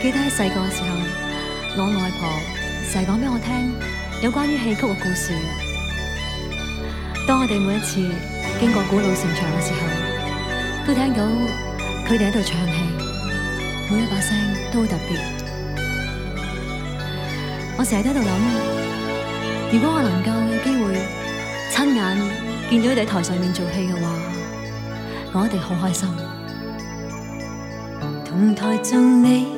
記得喺細個嘅時候，我外婆成日講俾我聽有關於戲曲嘅故事。當我哋每一次經過古老城牆嘅時候，都聽到佢哋喺度唱戲，每一把聲都好特別。我成日喺度諗，如果我能夠有機會親眼見到佢哋喺台上面做戲嘅話，我哋好開心。同台做你。